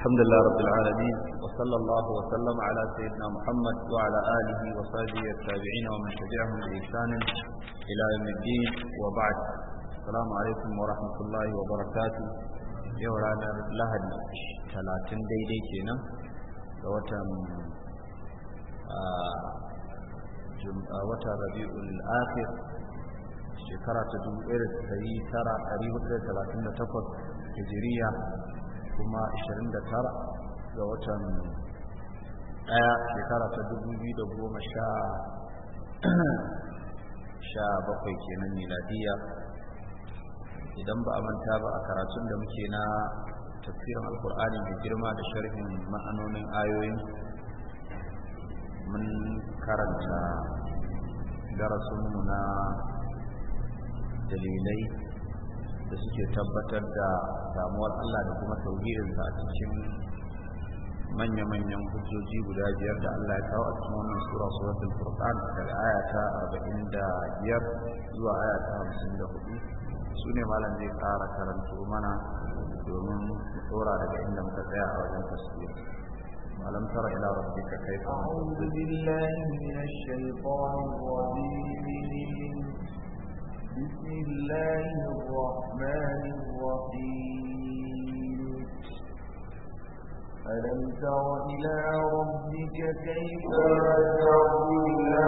الحمد لله رب العالمين وصلى الله وسلم على سيدنا محمد وعلى آله وصحبه التابعين ومن تبعهم بإحسان إلى يوم الدين وبعد السلام عليكم ورحمة الله وبركاته yau ranar lahadi talatin daidai kenan ga watan watan rabi'ul akhir shekara ta 1938 hijiriya kuma 29 ga watan daya shekara ta 2017 kenan miladiya idan ba a manta ba a karatun da muke na tafiyar alkur'ani mai girma da sharhin ma'anonin ayoyin mun karanta darasinmu na dalilai da suke tabbatar da damuwar Allah da kuma tauhidinsa a cikin manya-manyan hujjoji guda biyar da Allah ya kawo a cikin wannan sura suratul Furqan daga aya 45 zuwa aya da su sune malam zai ƙara karanto mana domin tsora daga inda muka tsaya a wajen tasbih malam tara ila rabbika كيف a'udhu billahi minash الشيطان بسم الله الرحمن الرحيم ألم تر إلى ربك كيف يدعو إلى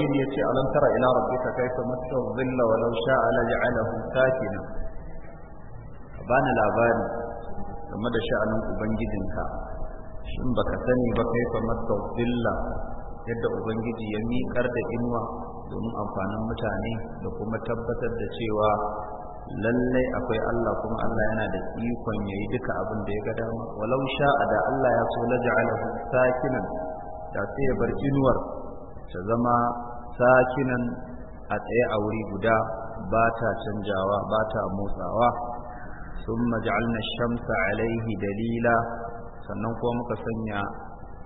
ubangiji ya ce alam tara ila rabbika kaifa massa dhilla wa law sha'a la ja'alahu sakina bana labari game da sha'anin ubangijinka shin baka sani ba kaifa massa dhilla yadda ubangiji ya miƙar da inuwa domin amfanin mutane da kuma tabbatar da cewa lallai akwai Allah kuma Allah yana da ikon yayi duka abin da ya ga dama walau sha'a da Allah ya so ja'alahu sakinan da sai ya bar inuwar ta zama sakinan a tsaye a wuri guda ba ta canjawa ba ta motsawa sun na shamsa alaihi dalila sannan kuma muka sanya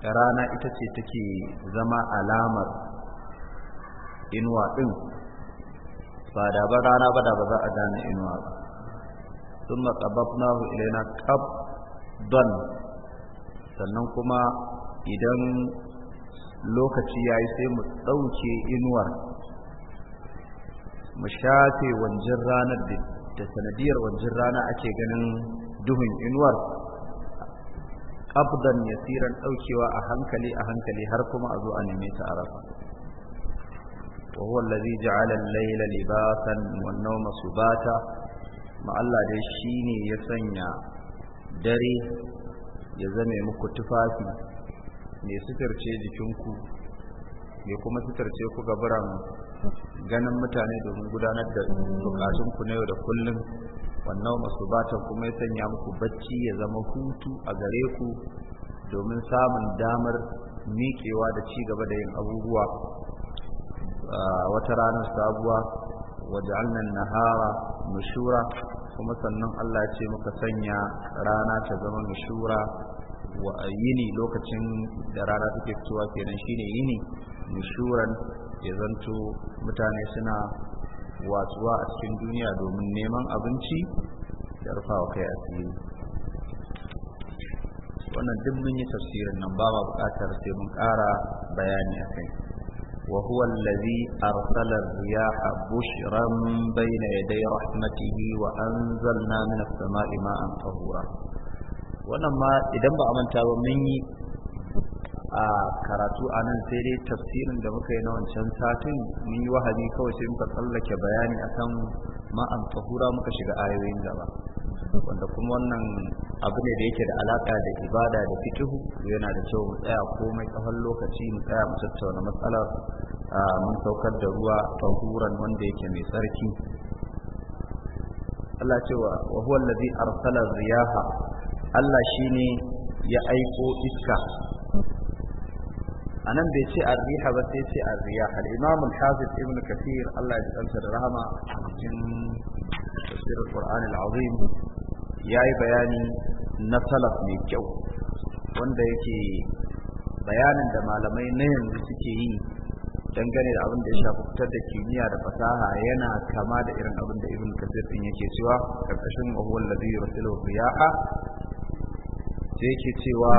rana ita ce take zama alamar inuwa ɗin ba da ba rana ba da ba za a gane inuwa ba sun matsabafnahu ilaina don sannan kuma idan lokaci yayi sai mu ɗauke inuwar mu shafe wanjin ranar da sanadiyar wanjin rana ake ganin duhun inuwar abdan yasiran ɗaukewa a hankali a hankali har kuma a zo a neme ta arafa وهو الذي جعل الليل لباسا والنوم سباتا ma Allah dai shine ya sanya dare ya zame muku tufafi mai sitarce jikinku mai kuma sitarce ku biran ganin mutane domin gudanar da bukatunku na yau da kullum wannan masu batan kuma ya sanya muku bacci ya zama hutu a gare ku domin samun damar miƙewa da ci gaba da yin abubuwa wata ranar sabuwa waj'alna an-nahara mashura kuma sannan Allah ce muka sanya rana ta zama mashura wa yini lokacin da rana take fitowa kenan shine yini mushuran ya zanto mutane suna wasuwa a cikin duniya domin neman abinci da rufawa kai asiri wannan duk mun yi tafsirin nan ba ma buƙatar sai mun ƙara bayani a kai wa huwa allazi arsala riyaha bushran bayna yaday rahmatihi wa anzalna minas samai ma'an tahura wannan ma idan ba a manta ba mun yi a karatu a nan sai dai tafsirin da muka yi na wancan satin mun yi wahabi kawai sai muka tsallake bayani akan ma'an tahura muka shiga ayoyin gaba wanda kuma wannan abu ne da yake da alaka da ibada da fituhu yana da kyau mu tsaya komai tsawon lokaci mu tsaya mu tattauna matsalar mun saukar da ruwa tahuran wanda yake mai tsarki Allah cewa wa huwa allazi arsala riyaha Allah shi ne ya aiko iska a nan bai ce arriha ba sai ce arriya al-imam al-hafiz ibn kathir Allah ya ɗansa da rahama cikin tafsir al-qur'an al-azim yayi bayani na salaf mai kyau wanda yake bayanin da malamai na yanzu suke yi dangane da abin da ya shafi fitar da kimiyya da fasaha yana kama da irin abin da ibn kathir din yake cewa karkashin wa huwa alladhi riyaha sai yake cewa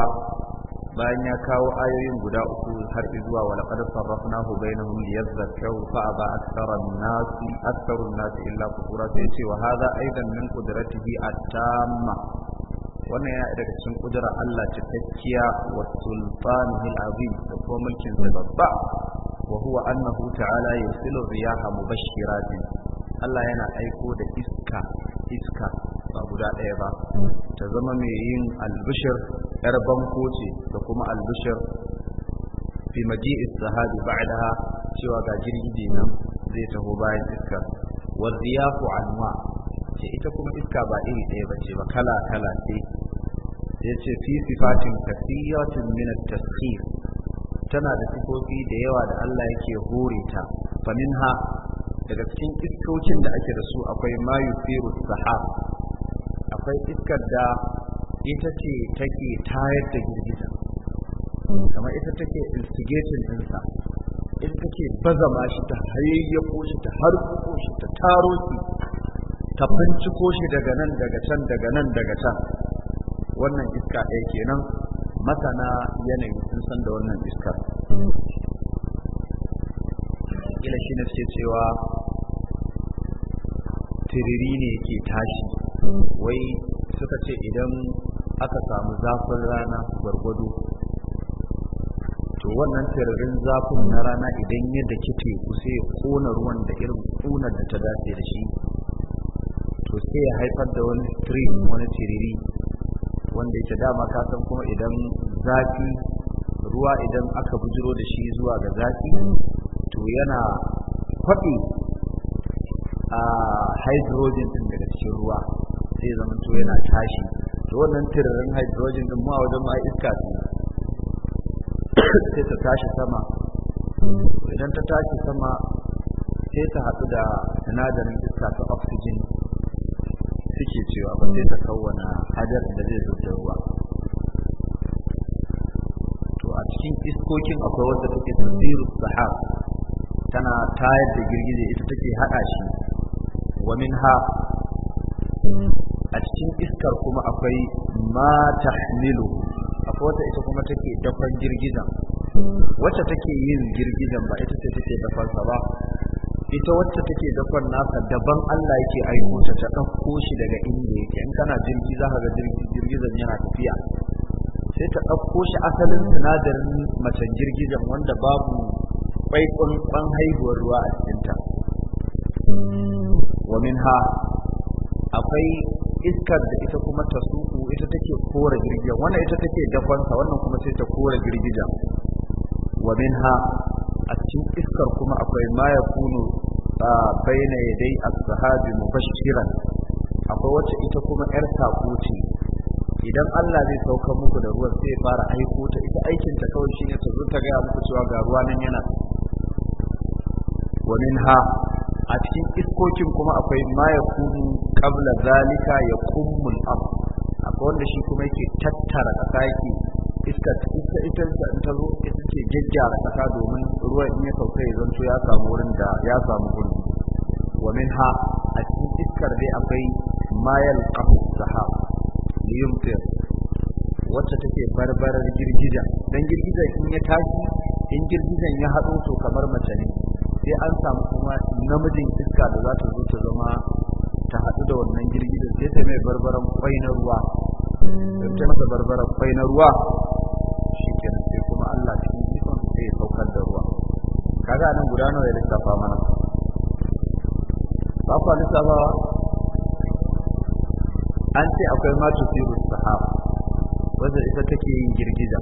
bayan ya kawo ayoyin guda uku har zuwa wala qad sarrafnahu bainahum liyadhakkaru fa aba aktsara an-nas aktsaru an illa kufura sai yace wa hadha aidan min qudratihi at-tamma wannan yana daga cikin kudura Allah cikakkiya wa sultanihi al-azim da kuma mulkin sa babba wa huwa annahu ta'ala yursilu riyaha mubashshiratin Allah yana aiko da iska iska ba guda ɗaya ba ta zama mai yin albishir yar banko ce da kuma albishir fi maji'is sahabi ba'daha cewa ga jirgi nan zai taho bayan iska ya ku anwa ce ita kuma iska ba iri ɗaya ba ce ba kala kala ce ce fi sifatin kasiyatin min at tana da sifofi da yawa da Allah yake hore ta ha. daga cikin iskocin da ake da su akwai mayu firu sahar. akwai iskar da ita ce take tayar da girgiza kamar ita take instigating ɗinsa ita take ma shi ta hayayyako shi ta harkuko shi ta taro shi ta binciko shi daga nan daga can daga nan daga can wannan iska ɗaya kenan masana yanayi sun san da wannan iskar ila shi na ce cewa tiriri ne yake tashi wai suka ce idan aka samu zafin rana gwargwado to wannan firirin zafin na rana idan yadda kike ku sai kona ruwan da irin kunar da ta dace da shi to sai ya haifar da wani stream wani tiriri wanda yake dama ka san kuma idan zafi ruwa idan aka bujiro da shi zuwa ga zafi to yana kwaɗe a hydrogen din daga cikin ruwa sai zama to yana tashi to wannan tirarin hydrogen din mu a wajen ma iska ce sai ta tashi sama idan ta tashi sama sai ta haɗu da sinadarin iska ta oxygen suke cewa ba sai ta kawwana hadar da zai zuba ruwa to a cikin iskokin akwai wanda take tasirin sahab tana tayar da girgije ita take haɗa shi wa min ha? a cikin iskar kuma akwai ma milo. akwai wata ita kuma take dafan girgizan wacce take yin girgizan ba ita ce take dafan sa ba ita wacce take dafan nasa daban Allah yake aiko ta ta ɗauko shi daga inda yake in kana jirgi za ka ga girgizan yana tafiya sai ta ɗauko shi asalin sinadarin macen girgizan wanda babu kwaikon ban haihuwar ruwa a cikin ta. wa akwai iskar da ita kuma ta suku ita take kora girgiza wannan ita take dafansa wannan kuma sai ta kora girgija wa minha a cikin iskar kuma akwai ma ya kunu baina yadai as-sahabi mubashiran akwai wacce ita kuma yar sako idan Allah zai sauka muku da ruwa sai fara aiko ta ita aikin ta kawai shine ta zo ta ga muku cewa ga ruwa nan yana wa minha a cikin iskokin kuma akwai ma ya kunu kabla zalika ya kummul am akwai wanda shi kuma yake tattara kasa yake iska ita ita ta zo ita ce jajjara kasa domin ruwan in ya sauka ya zanto ya samu wurin da ya samu gurbi wa ha, a cikin iskar dai akwai ma yalqahu sahab liyumtir wacce take barbarar girgiza dan girgiza in ya tashi in girgizan ya haɗo to kamar mace ne sai an samu kuma namijin iska da za ta zo ta zama ta haɗu da wannan girgizar sai ta mai barbaran kwai na ruwa da ta masa barbaran kwai na ruwa shi kenan sai kuma Allah cikin ikon sai ya saukar da ruwa kaga nan guda nawa ya lissafa mana ba ku lissafa an ce akwai ma tusiru sahaba, wanda ita take yin girgiza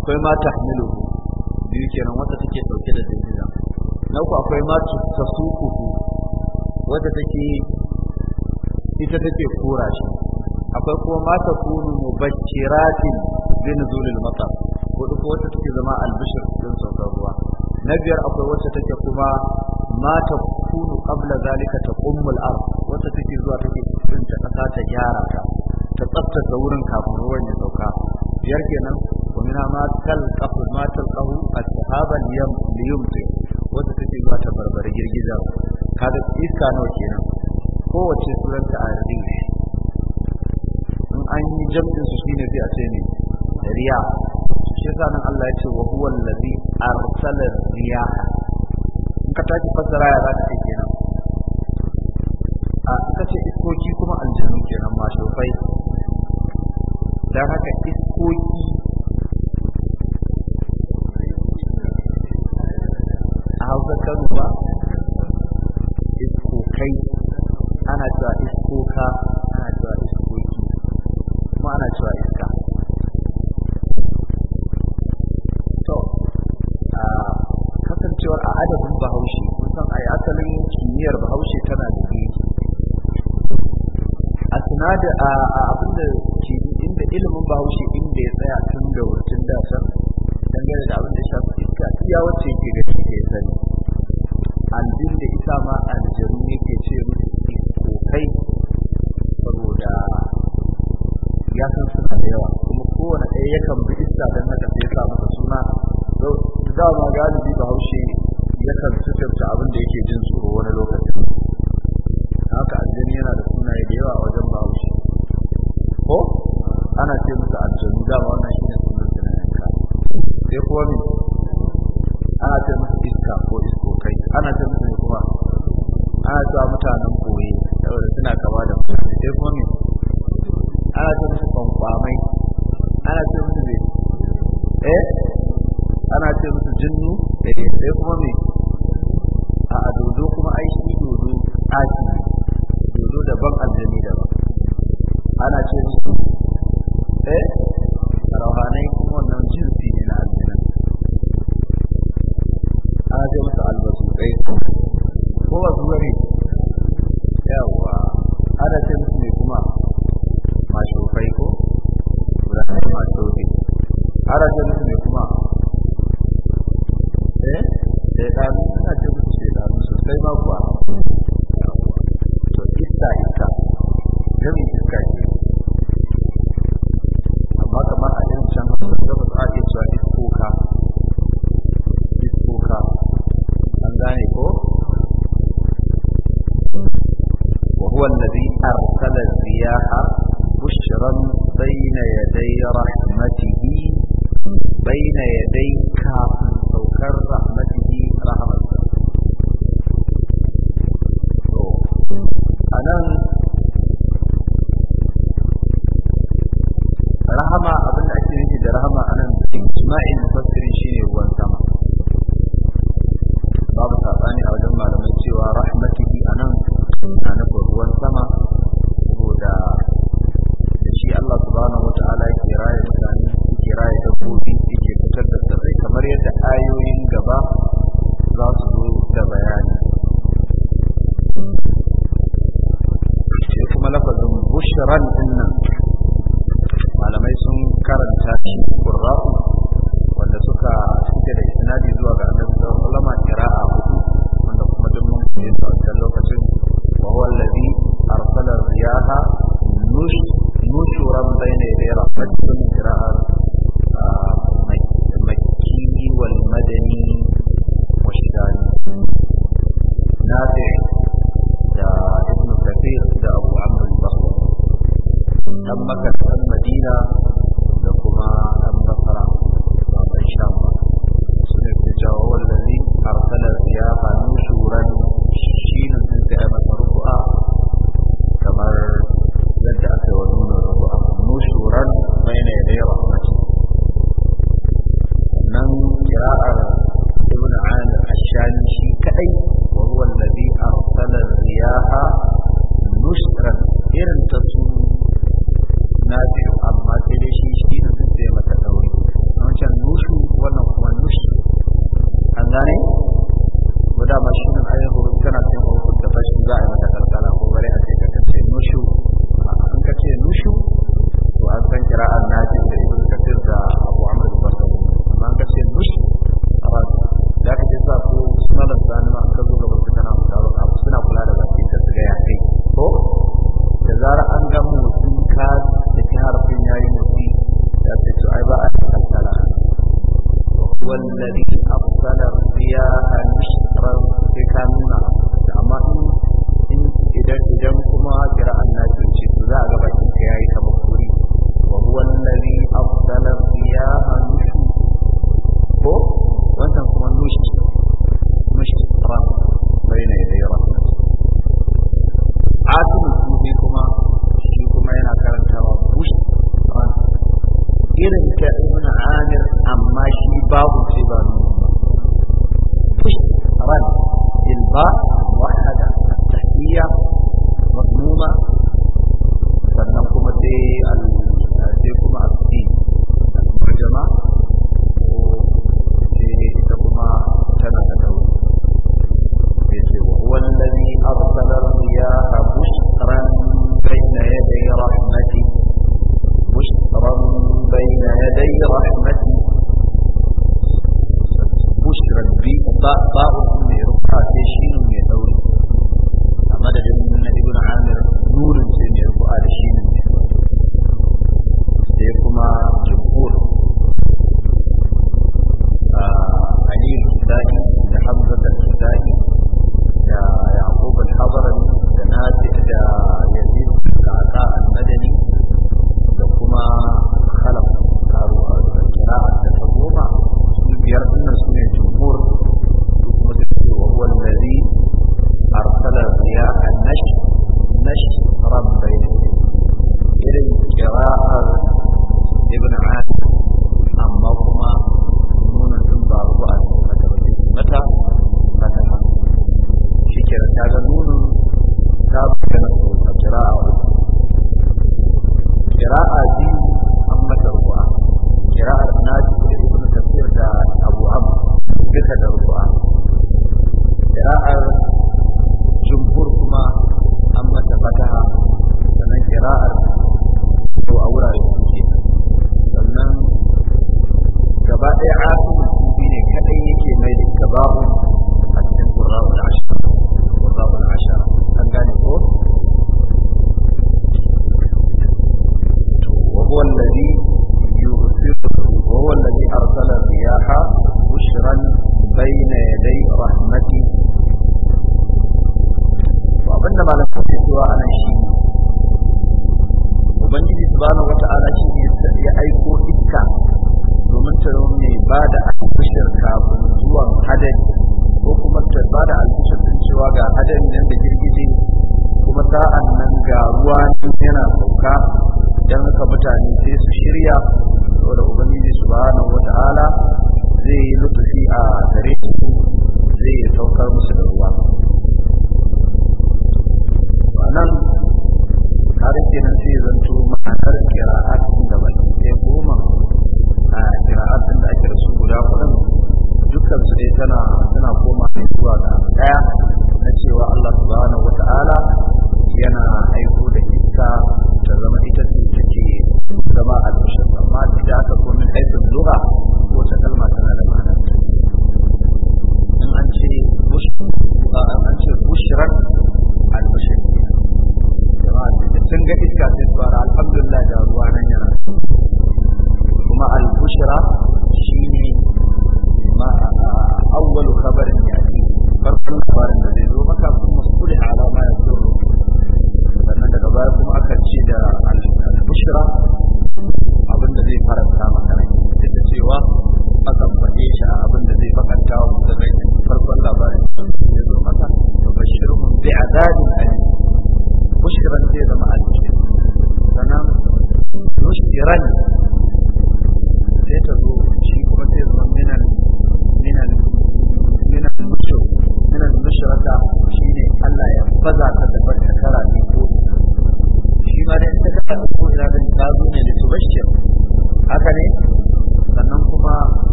akwai ma hamilu biyu kenan wata take dauke da na uku akwai ma tasuquhu wadda take ita take kura shi akwai kuma mata kunu ma takunu mubashiratin binzulil matar hudu ko wacce take zama albishir din saukar ruwa na biyar akwai wacce take kuma ma takunu qabla zalika taqummul ard wacce take zuwa take tsinta kasa ta gyara ta ta tsaftace wurin kafin ruwan ya sauka biyar kenan ومنها ما تلقف ما تلقه السحاب اليم ليمطر ta barbari girgiza kaga iska nawa kenan kowace sunanta a rih in an yi jam'in su shine sai a ce ne riya shi yasa nan Allah ya ce wa huwa allazi arsala Riya. in ka tashi fassara ya zaka ce kenan a ka ce iskoki kuma aljanu kenan mashofai dan haka iskoki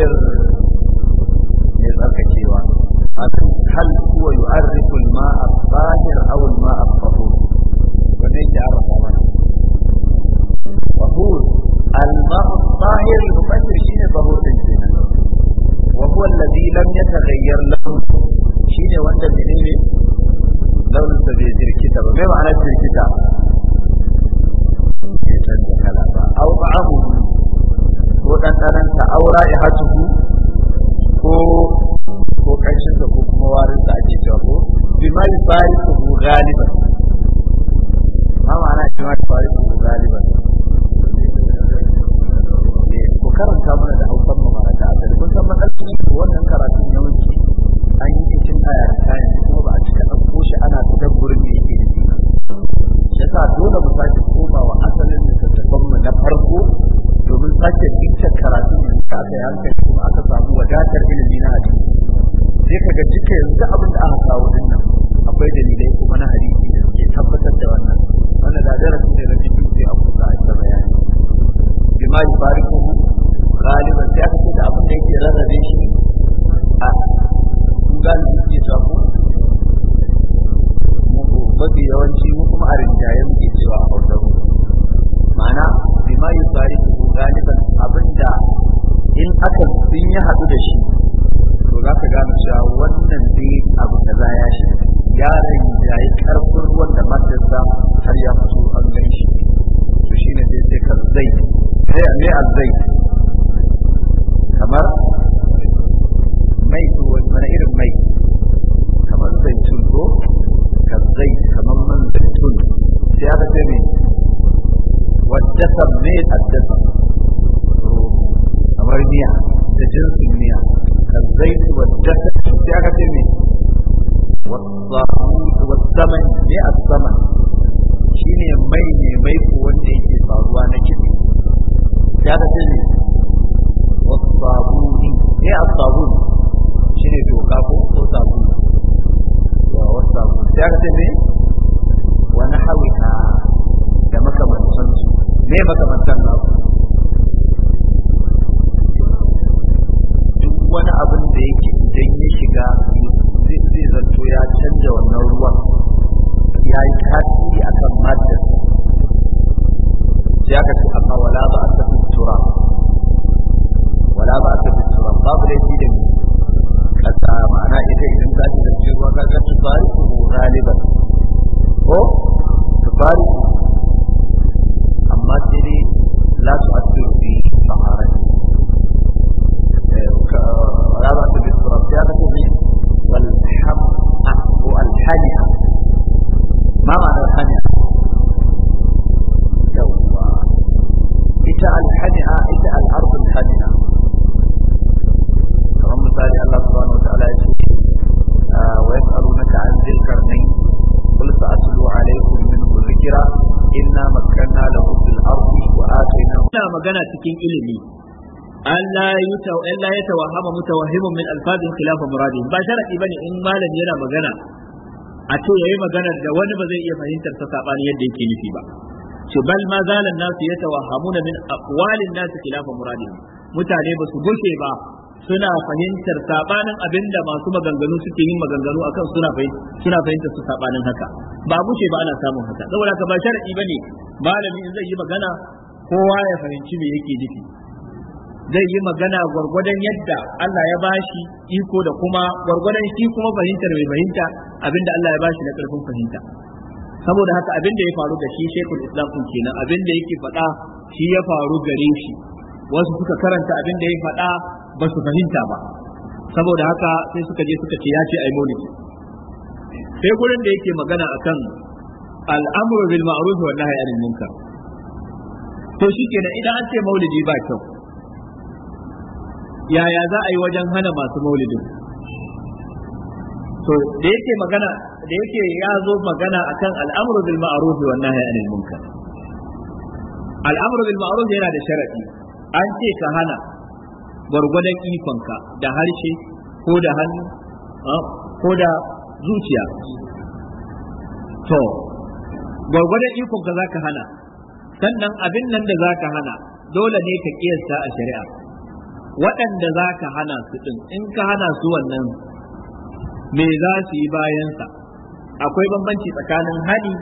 mudabbir mai tsarkakewa hatu hal huwa yu'arrifu al-ma'a al-zahir aw al-ma'a al-tahur wanda yake arafa mana tahur al-ma'a al-zahir al-mufassir shine tahur din kenan wa huwa alladhi lam yataghayyar lahu wanda launin sa bai jirkita ba mai ma'anar jirkita canza kala ba au ma'amu ko ta aura දෙයක් නෙමෙයි Allah ya tawahama mutawahhimun min alfazin khilafa muradin ba sharadi bane in malami yana magana a ce yayi magana da wani ba zai iya fahimtar ta sabani yadda yake nufi ba To bal ma zalan nasu yatawahhamuna min aqwalin nasu khilafa muradin mutane ba su gushe ba suna fahimtar sabanin abinda masu maganganu suke yin maganganu akan suna suna fahimtar su sabanin haka ba gushe ba ana samun haka saboda ka ba sharadi bane malami in zai yi magana kowa ya fahimci me yake nufi zai yi magana gwargwadon yadda Allah ya bashi iko da kuma gwargwadon shi kuma fahimtar mai fahimta abinda Allah ya bashi na karfin fahimta saboda haka abin da ya faru da shi shekul islam kenan abin da yake faɗa shi ya faru gare shi wasu suka karanta abin da ya faɗa ba su fahimta ba saboda haka sai suka je suka ce ya ce ai maulidi sai gurin da yake magana akan al'amru bil ma'ruf wa nahyi anil munkar to shikenan idan an ce maulidi ba kyau yaya za a yi wajen hana masu maulidin to da yake magana da yake ya zo magana akan al'amru bil ma'ruf wa nahyi anil munkar al'amru bil ma'ruf yana da sharadi an ce ka hana gwargwadon ikonka da harshe ko da hannu ko da zuciya to gwargwadon ikonka zaka hana sannan abin nan da zaka hana dole ne ka kiyasta a shari'a waɗanda za ka hana su ɗin in ka hana su wannan me za su yi bayansa akwai bambanci tsakanin hani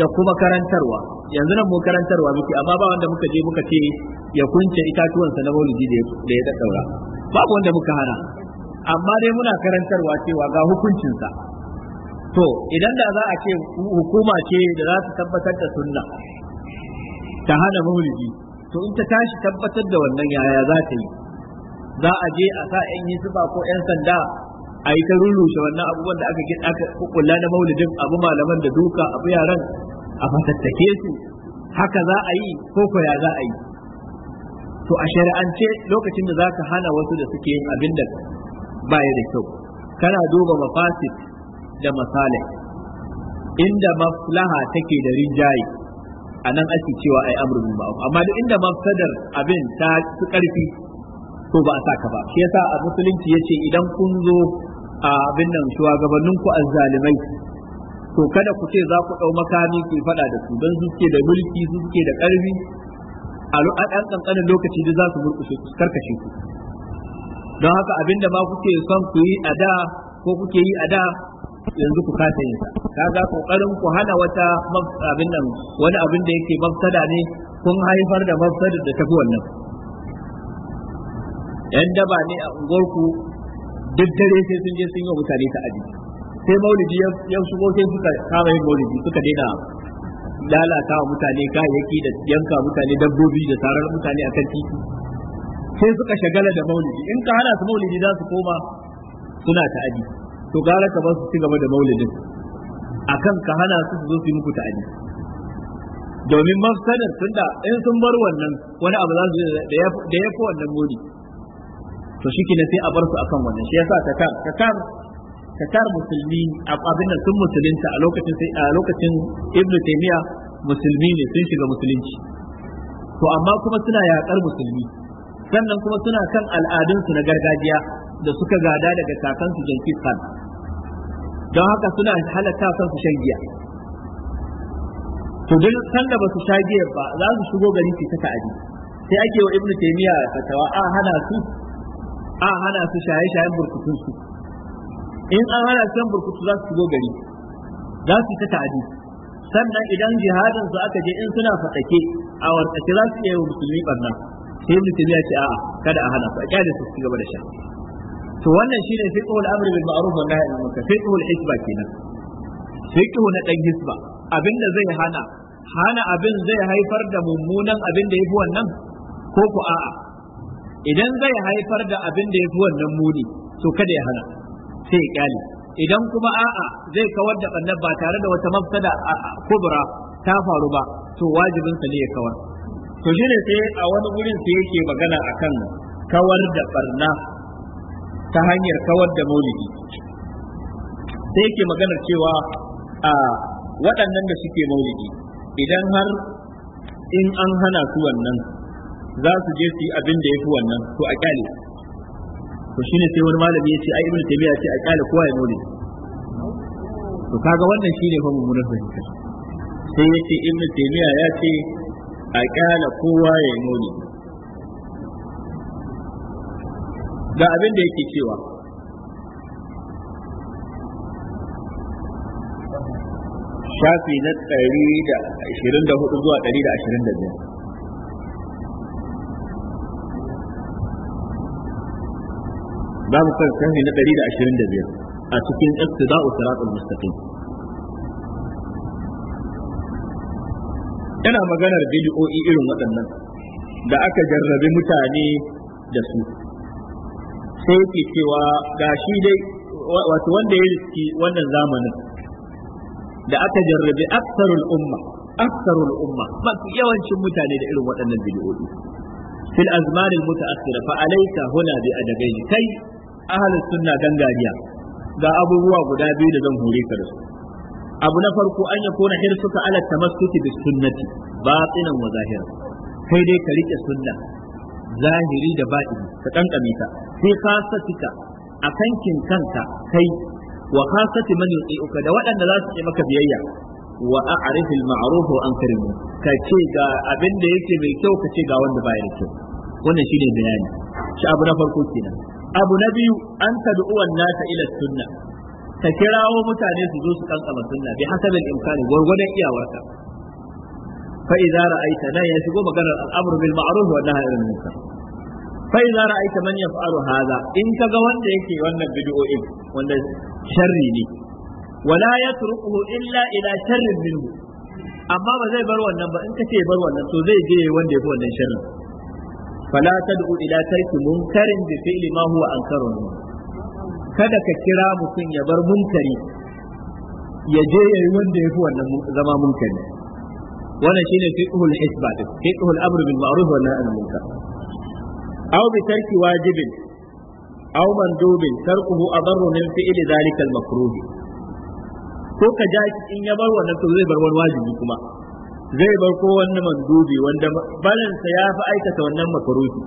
da kuma karantarwa yanzu nan mu karantarwa muke amma ba wanda muka je muka ce ya kunce itatuwansa na maulidi da ya daɗaura babu wanda muka hana amma dai muna karantarwa cewa ga hukuncinsa to idan da za a ce hukuma ce da za su tabbatar da sunna ta hana maulidi to in ta tashi tabbatar da wannan yaya za ta yi za a je a sa 'yan hisba ko 'yan sanda a yi ta rurrushe wannan abubuwan da aka aka kukulla na maulidin abu malaman da duka abu yaran a fatattake su haka za a yi ko ko za a yi to a shari'ance lokacin da za zaka hana wasu da suke yin abin da ba ya da kyau kana duba mafasit da masalai. inda maslaha take da rinjaye a nan ake cewa ai amru ma'ruf amma duk inda mafsadar abin ta fi karfi to ba a saka ba shi yasa a musulunci yace idan kun zo a abin nan shugabannin ku azzalimai to kada ku ce za ku dau makami ke fada da su dan suke da mulki suke da karfi a ɗan ƙanƙanin lokaci da za su murƙushe su karkashe ku don haka abinda ma kuke son ku yi a da ko kuke yi a da yanzu ku kasa yin sa kaga kokarin ku hana wata abin nan wani abin da yake mafsada ne kun haifar da mafsadar da tafi wannan yan daba ne a unguwarku duk dare sai sun je sun yi wa mutane aji sai maulidi ya shigo sai suka kama yin maulidi suka daina lalata wa mutane kayayyaki da yanka mutane dabbobi da sarar mutane akan titi sai suka shagala da maulidi in ka hana su maulidi za su koma suna aji to gara ka ba su ci gaba da maulidin akan ka hana su su zo su yi muku ta'adi domin mafsadar tunda in sun bar wannan wani abu za su da ya fi wannan muni to shi ne sai a bar su akan wannan shi yasa ta kar ta kar kar musulmi abin da sun musulunta a lokacin sai a lokacin ibnu taymiya musulmi ne sun shiga musulunci to amma kuma suna yaƙar musulmi sannan kuma suna kan al'adunsu na gargajiya da suka gada daga kakansu Genghis Khan don haka suna halatta kansu shan giya to duk sanda ba su sha giya ba za su shigo gari su ta ta'adi sai ake wa ibnu taymiya fatawa a hana su a hana su shaye shayen burkutun su in an hana su burkutu za su shigo gari za su ta ta'adi sannan idan jihadin su aka je in suna fatake a wartake za su iya musulmi barna sai ibn tabiya ce a'a kada a hana su a kyale su ci gaba da sha to wannan shine fiqhul amr bil ma'ruf wa nahy anil munkar fiqhul hisba kenan fiqhu na dan hisba abinda zai hana hana abin zai haifar da mummunan abin da yafi wannan ko ku a'a idan zai haifar da abin da yafi wannan muni to kada ya hana sai ya kyale idan kuma a'a zai kawar da bannan ba tare da wata mafsada kubra ta faru ba to wajibin sa ne ya kawar to shine sai a wani gurin sai yake magana akan kawar da barna ta hanyar kawar da maulidi sai yake magana cewa a waɗannan da suke maulidi idan har in an hana su wannan za su je su yi abin da ya fi wannan to a kyale to shine sai wani malami ya ce ai ibnu taymiya ce a kyale kowa ya maulidi to kaga wannan shine fa mummunar fahimta sai ya ce ibnu taymiya ya ce a kyala kowa ya nuni ga abin da yake cewa shafi na 124 zuwa 125 ba mu kan shafi na 125 a cikin iqtida'u siratal mustaqim yana maganar bid'o'i irin waɗannan da aka jarrabe mutane da su sai yake cewa shi dai wato wanda ya riski wannan zamanin da aka jarrabe aksarul umma aksarul umma mafi yawancin mutane da irin waɗannan bid'o'i fil azman al mutaakhira fa alayka huna bi adabai kai ahlus sunna dangariya ga abubuwa guda biyu da zan hore ka da su abu na farko an ya kona hirsuka ala tamassuki bis sunnati batinan wa zahira kai dai ka rike sunna zahiri da batini ka kankame ta sai khasatika a kankin kanka kai wa khasati man yuti'uka da waɗanda za su yi maka biyayya wa a'rifu al-ma'ruf wa ankir ka ce ga abin da yake mai kyau ka ce ga wanda baya da kyau wannan shine bayani shi abu na farko kenan abu na biyu an tad'u an nata ila sunnah ka kirawo mutane su zo su kankama sunna bi hasabil imkani gwargwadon iyawarka fa idza ra'aita nan ya shigo maganar al'amru bil ma'ruf wa nahyi anil munkar fa idza ra'aita man yaf'alu hadha in kaga wanda yake wannan bid'o'in wanda sharri ne wala yatrukuhu illa ila sharrin minhu amma ba zai bar wannan ba in kace bar wannan to zai je wanda yafi wannan sharrin fala tad'u ila tarki munkarin bi fi'li ma huwa ankaruhu kada ka kira mutum ya bar munkari ya je ya yi wanda ya fi wannan zama munkari wannan shine fiqhul isbat fiqhul amr bil ma'ruf wa nahy anil munkar aw bi tarki wajibin aw mandubin tarkuhu adarru min fi'l dhalika al makruh ko ka ja in ya bar wannan to zai bar wani wajibi kuma zai bar ko wannan mandubi wanda balansa ya fi aikata wannan makaruki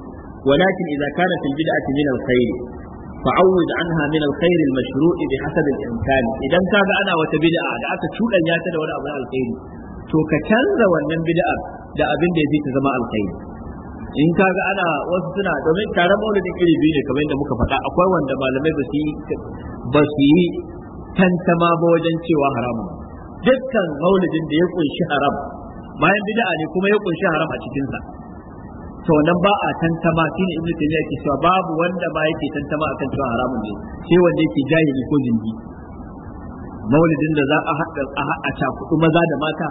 walakin idza kana fil bid'ati min al khair fa'awwid anha min alkhair almashru' bihasab al-imkan idan kaga ana wata bida'a da aka cudanya ta da wani abu na alkhairi to ka canza wannan bid'ar da abin da yake ta zama alkhairi in kaga ana wasu suna domin taron maulidin iri biyu ne kamar yadda muka faɗa akwai wanda malamai ba su yi ba su yi tantama ba wajen cewa haramun dukkan maulidin da ya kunshi haram bayan bid'a ne kuma ya kunshi haram a cikinsa to wannan ba a tantama shine ibnu taymiya yake cewa babu wanda ba yake tantama akan cewa haramun ne sai wanda yake jahili ko zindi maulidin da za a haɗa a cakuɗu maza da mata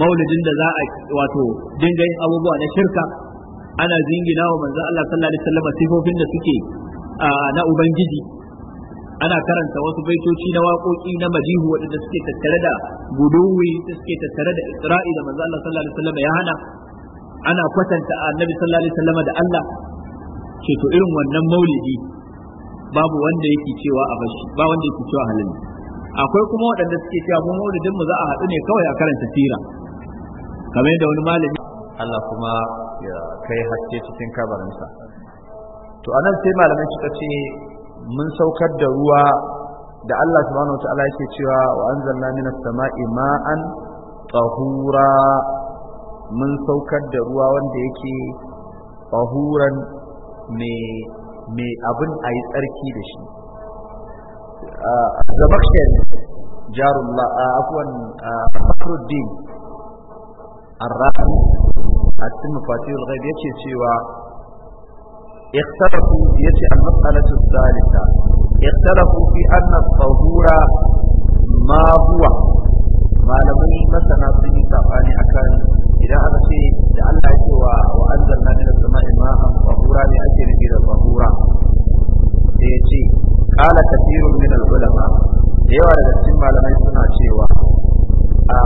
maulidin da za a wato dinga yin abubuwa na shirka ana zingina wa manzo Allah sallallahu alaihi wasallam sifofin da suke na ubangiji ana karanta wasu baitoci na waƙoƙi na Majihu, waɗanda suke tattare da guduwi da suke tattare da isra'i da manzo Allah sallallahu alaihi wasallam ya hana ana kwatanta annabi sallallahu alaihi wasallam da Allah ce to irin wannan maulidi babu wanda yake cewa a bashi ba wanda yake cewa halin akwai kuma waɗanda suke cewa mu maulidin mu za a haɗu ne kawai a karanta sira kamar da wani malami Allah kuma ya kai haske cikin kabarinsa to anan sai malamai suka ce mun saukar da ruwa da Allah subhanahu wa ta'ala yake cewa wa anzalna minas sama'i ma'an tahura mun saukar da ruwa wanda yake fahuran mai abin a yi tsarki da shi zabakshir jarullah akwai fakhruddin arrafi a cikin mafatihul ghaib yake cewa اختلفوا يتي المسألة الثالثة اختلفوا في أن الطهور ما هو ما لم مثلا في ثقاني أكان idan aka ce da Allah ce wa wa anzal na as-sama'i ma'an fahura ne ake nufi da fahura da ya ce kala kathirun min al-ulama da yawa daga cikin malamai suna cewa a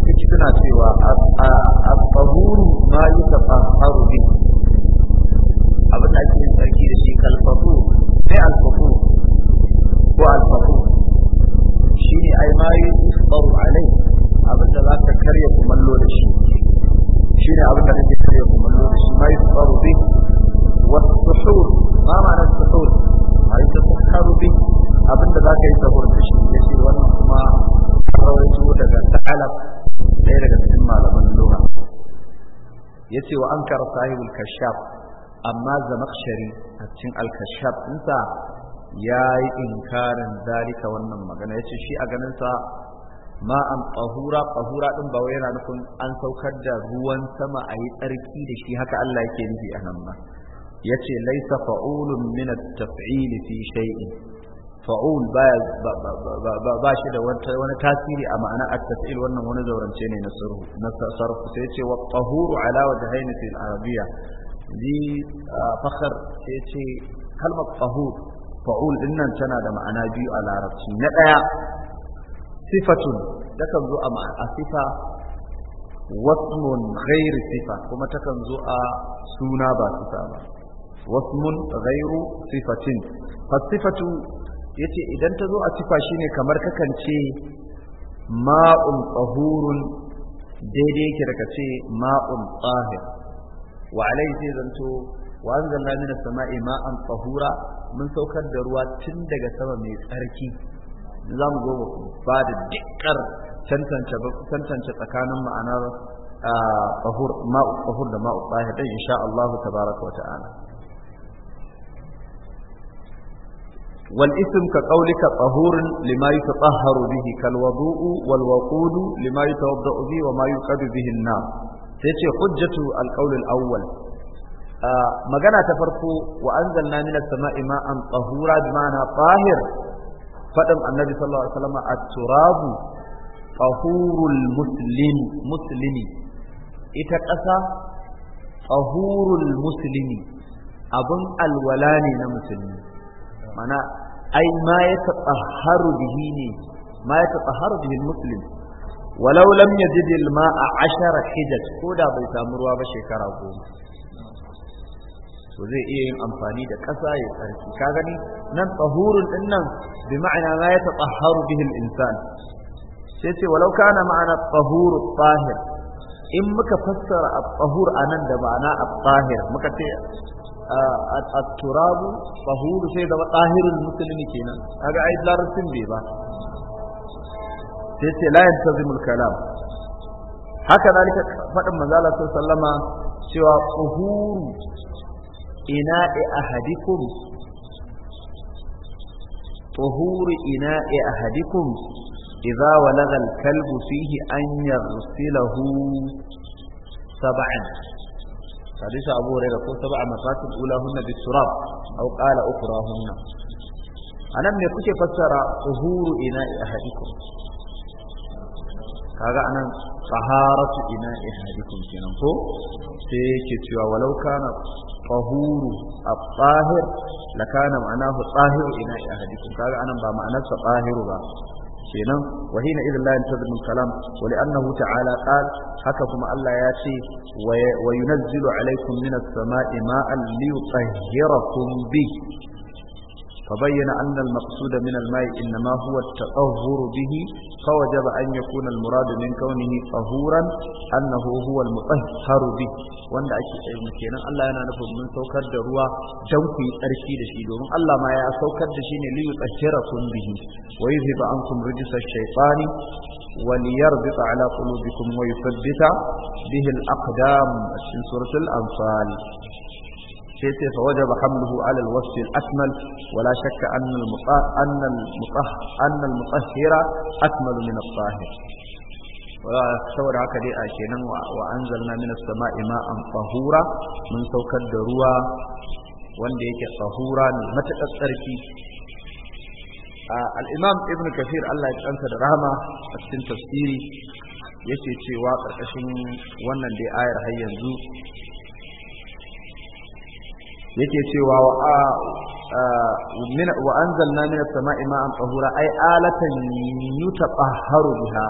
ciki suna cewa a fahuru ma fahuru bi abin da ake sarki da shi kalfahu sai al-fahu ko al-fahu ne ai ma fahuru alai abin da za ta karya kumallo da shi shi ne abin da kake karya kumallo da shi mai yi tsaro bi wasu suhur ma ma na suhur a yi tsaro bi abin da za ka yi sahur da shi ya ce wannan kuma rawaito daga ta'alab ɗaya daga cikin malaman lura ya ce wa an kara sahibul kashaf amma zamakshari a cikin alkashaf ɗinsa ya yi inkarin zarika wannan magana ya ce shi a ganinsa ma ma'an ƙahura ƙahura ɗin ba yana nufin an saukar da ruwan sama a yi tsarki da shi haka Allah yake nufi a nan ba ya ce laisa fa'ulun min at-taf'il fi shay'in fa'ul ba shi da wani tasiri a ma'ana at-taf'il wannan wani zaurance ne na sarhu na sarfu sai ce wa tahuru ala wajhayn fil arabiyya zi fakhar sai ce kalmar tahur fa'ul din nan tana da ma'ana biyu a larabci na ɗaya. sifatun takan zo a sifa wasmun ghairu sifa kuma takan zo a suna ba sifa ba wasmun ghairu sifatin sifatu yace idan ta zo a sifa shine kamar kakan ce ma'un tahurun daidai yake daga ce ma'un tahir wa alai sai zanto wa anzalna minas sama'i ma'an tahura mun saukar da ruwa tun daga sama mai tsarki za mu zo mu ba da dikkar tantance tsakanin ma'anar fahur da ma'u ɗaya ɗan insha Allah ta baraka wa ta'ala. wal isim ka qawlika tahurun lima yutahharu bihi kal wudu'u wal waqudu lima yutawaddau bihi wa ma yuqadu bihi an nar sayace hujjatu al qawl al magana ta farko wa anzalna min as-sama'i ma'an tahura bima na tahir faɗin annabi sallallahu alaihi wasallam a turabu tahurul muslim muslimi ita ƙasa tahurul muslimi abun alwala ne na musulmi mana ai ma ya tatahharu bihi ne ma ya tatahharu bihi muslim walau lam yajid al-ma'a 10 hijaj ko da bai samu ruwa ba shekara goma to zai iya yin amfani da ƙasa ya tsarki ka gani nan tahurun din nan bi ma'ana ma ya tatahharu bihi al-insan sai ce walau kana ma'ana tahuru tahir in muka fassara at-tahur anan da ma'ana at-tahir muka ce at-turabu tahuru sai da tahirul muslimi kenan kaga ai larabcin bai ba sai ce la yantazimul kalam haka zalika faɗin manzala sallama cewa tsuhuru إناء أحدكم طهور إناء أحدكم إذا ولغ الكلب فيه أن يغسله سبعا حديث أبو هريرة يقول سبع مرات أولاهن بالتراب أو قال أخراهن أنا من يكوش فسر طهور إناء أحدكم هذا أنا طهارة إناء أحدكم في نمطو في ولو كان tahuru at-tahir lakana ma'anahu tahiru ina shi ahadikum kaga anan ba ma'anarsa tahiru ba kenan wahina hina idan la yantazir min kalam wa li'annahu ta'ala qal kuma Allah ya ce wa ma'an bi فبين أن المقصود من الماء إنما هو التطهر به فوجب أن يكون المراد من كونه طهورا أنه هو المطهر به وأن أكيد مكينا الله أنا نفهم من سوكر دروا جوكي أركي دشيدون الله ما يا سوكر دشين ليطهركم به ويذهب عنكم رجس الشيطان وليربط على قلوبكم ويثبت به الأقدام في سورة الأنفال sai ce fa wajaba hamluhu ala al al-asmal wala shakka anna al-mutah anna al-mutahhira akmalu min tahir saboda haka dai a kenan wa anzalna min as-sama'i ma'an tahura mun saukar da ruwa wanda yake tahura ne matakan tsarki al-imam ibn kafir Allah ya tsanta da rahama a cikin tafsiri yace cewa ƙarƙashin wannan dai ayar har yanzu yake cewa wa min wa anzalna min as-sama'i ma'an tahura ay alatan yutaqahharu biha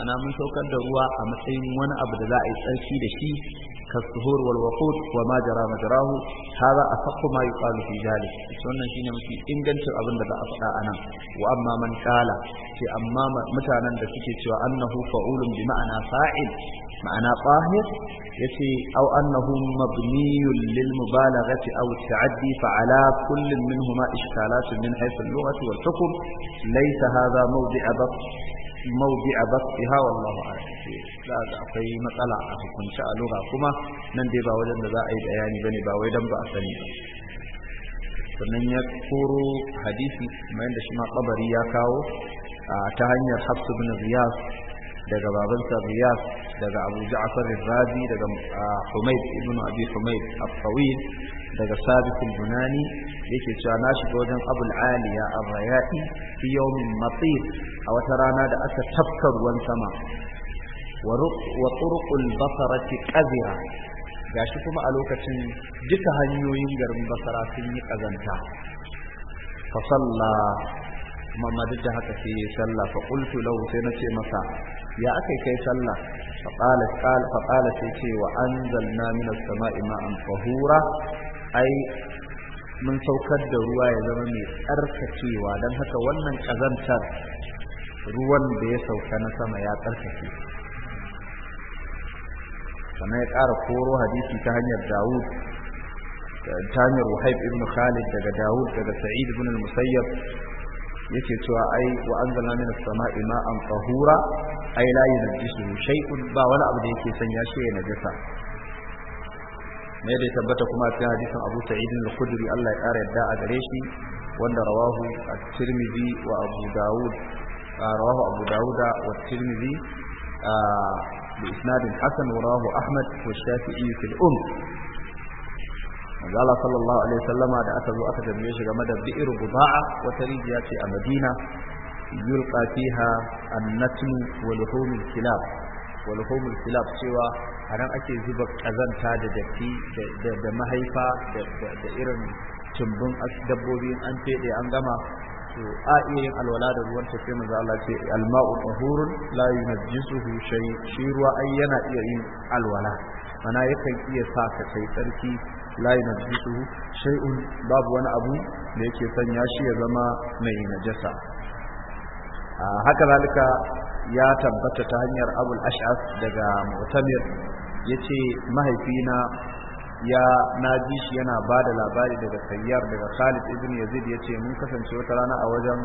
ana mun saukar da ruwa a matsayin wani abu da za a yi tsarki da shi كالسهور والوقود وما جرى مجراه هذا أفق ما يقال في ذلك سنة شيني مكي إن جنت أبن لبا أنا وأما من قال في أمام مثلا دسكي سوى أنه فعول بمعنى فاعل معنى طاهر يتي أو أنه مبني للمبالغة أو التعدي فعلى كل منهما إشكالات من حيث اللغة والحكم ليس هذا موضع بط موضع بطها والله أعلم za akwai matsala a hukunci a lura kuma nan dai ba wajen da za a yi bayani bane ba wai dan ba a sani ba sannan ya koro hadisi kuma yadda shi ma kabari ya kawo ta hanyar hafsu bin riyas daga babansa riyas daga abu ja'far Rabi, daga humayd ibn abi humayd al-tawil daga sabit al-bunani yake cewa na shiga wajen abul aliya ar yai fi yawmin matir a wata rana da aka tafka ruwan sama wa turqul basarati qazira gashi kuma a lokacin duka hanyoyin garin basara sun yi kazanta fa salla mamadu da haka sai ya salla fa qultu lahu sai ce masa ya akai kai salla fa qala qala fa qala sai ce wa anzalna sama'i ma'an tahura ai mun saukar da ruwa ya zama mai tsarkakewa don haka wannan ƙazantar ruwan da ya sauka na sama ya tsarkake sannan ya ƙara koro hadisi ta hanyar dawud ta hanyar wahayb ibn khalid daga dawud daga sa'id ibn al-musayyab yake cewa ai wa anzalna min as-sama'i ma'an tahura ai la yunjisu shay'un ba wani abu da yake sanya shi ya najasa ne da tabbata kuma cikin hadisin Abu Sa'id al-Khudri Allah ya ƙara yadda a gare shi wanda rawahu at-Tirmidhi wa Abu Dawud rawahu Abu Dawud wa at-Tirmidhi بإسناد حسن وراه أحمد والشافعي في الأم قال صلى الله عليه وسلم da aka zo aka tambaye shi game da bi'ir buda'a wata rijiya ce a Madina yulqa fiha an-natm wa luhum kilab wa luhum al-kilab cewa anan ake zuba kazanta da datti da mahaifa da irin cimbin dabbobi an fede an gama to a iya alwala da ruwan tafi manzo Allah ce alma'u tahurun la yunajjisuhu shay shi ruwa ai yana iya yin alwala mana yakan iya sa ka kai tsarki la yunajjisuhu shay'un babu wani abu da yake ya shi ya zama mai najasa haka zalika ya tabbata ta hanyar abul ash'as daga mu'tamir ce mahaifina ya naji shi yana ba da labari daga sayyar daga khalid ibn yazid ya ce mun kasance wata rana a wajen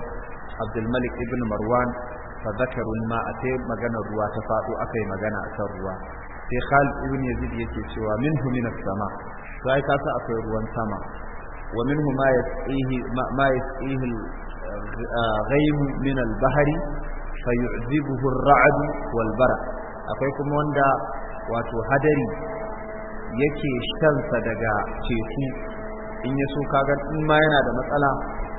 abdulmalik ibn marwan fa ma a sai maganar ruwa ta faɗo aka yi magana a kan ruwa sai khalid ibn yazid ya ce cewa min humina sama sai ka sa akwai ruwan sama wa min ma ma yasqihi ghaym min al-bahri fayu'zibuhu ar-ra'd wal bara akwai kuma wanda wato hadari yake shansa daga teku in ya so kaga in ma yana da matsala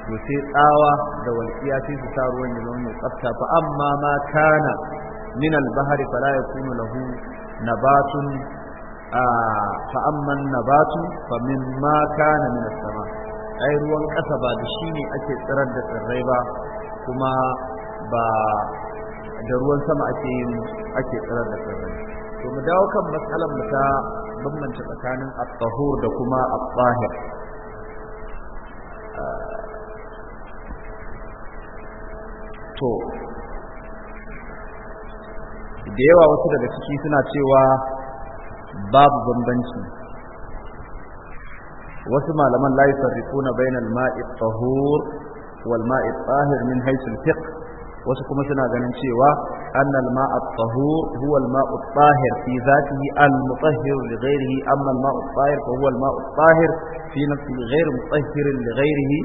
to sai tsawa da walƙiya sai su sa ruwan yanzu mai tsafta fa amma ma kana min al-bahri fala yakunu lahu nabatun fa amma nabatu fa min ma kana min as-sama ai ruwan ƙasa ba da shi ne ake tsirar da tsirrai ba kuma ba da ruwan sama ake yin ake tsirar da tsirrai to mu dawo kan matsalar mu ta bambanta tsakanin at-tahur da kuma at-tahir to da yawa wasu daga ciki suna cewa babu bambanci wasu malaman la yusarrifuna bainal ma'i tahur wal ma'i at min haythu fiqh wasu kuma suna ganin cewa annal ma'a tahur huwa al ma'u tahir fi zatihi al mutsahir li ghayrihi amma al ma'u tahir fa huwa al ma'u tahir fi nafsi ghayr mutahhir li ghayrihi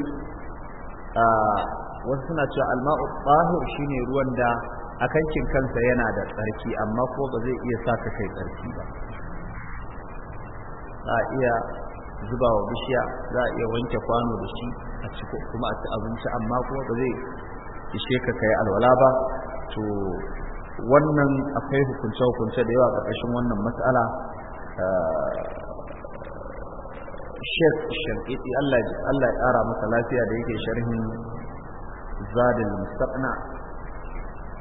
ah, wasu suna cewa al ma'u tahir shine ruwan da a akankin kansa yana da tsarki amma ko ba zai iya sa ka kai tsarki ba a iya zuba wa bishiya za a iya wanke kwano da shi a ciko kuma a ci abinci amma ko ba zai ishe ka kai alwala ba to wannan akwai hukunce-hukunce da yawa ƙarƙashin wannan matsala shek shankiti Allah ya ƙara masa lafiya da yake sharhin zadil mustaqna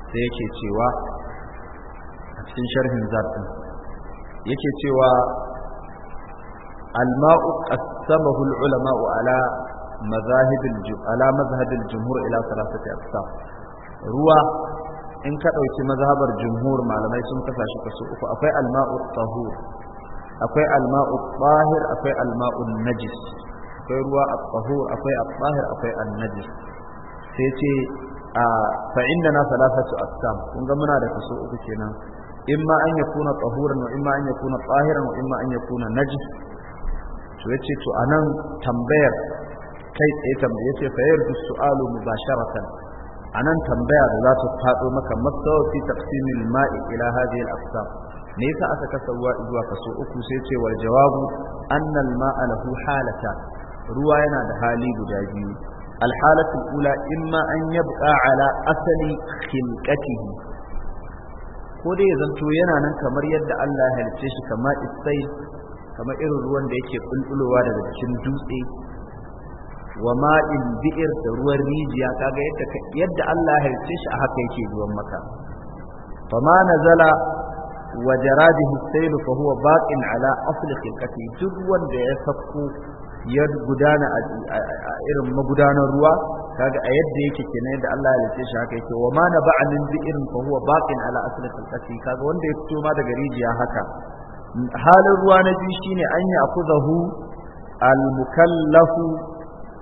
sai yake cewa a cikin sharhin zadin yake cewa الماء قسمه العلماء على mazahibil ala mazhabil jumhur ila salasati aqsam ruwa in ka dauki mazhabar jumhur malamai sun kasa shi uku akwai alma'u tahur akwai alma'u tahir akwai alma'u najis akwai ruwa at akwai at akwai najis sai ce fa salasatu aqsam kun ga muna da kaso uku kenan imma an yakuna tahuran wa imma an najis to yace to anan tambayar kai tsaye tambaya ce fa yardu su'alu mubasharatan anan tambaya da za ta fado maka masawa fi taqsimil ma'i ila hadhihi al-aqsam yasa aka kasa ruwa zuwa kaso uku sai ce wal jawabu anna al-ma'a lahu halata ruwa yana da hali guda biyu الحالة الأولى in ma an على أصل خلقته ko dai zanto yana nan kamar yadda Allah ya halice shi kamar isai kamar irin ruwan da yake bulbulowa daga cikin dutse wa ma'in bi'ir da ruwan rijiya kaga yadda yadda Allah ya halice shi a haka yake ruwan maka fama nazala wa jaradihi sayl fa huwa baqin ala asl khilqati duk wanda ya sakko ya gudana a irin magudanar ruwa kaga a yadda yake kenan yadda Allah ya halice shi haka yake wa ma na ba'alin bi'irin fa huwa baqin ala asl khilqati kaga wanda ya fito ma daga rijiya haka halin ruwa na biyu shine an ya akuzahu al-mukallafu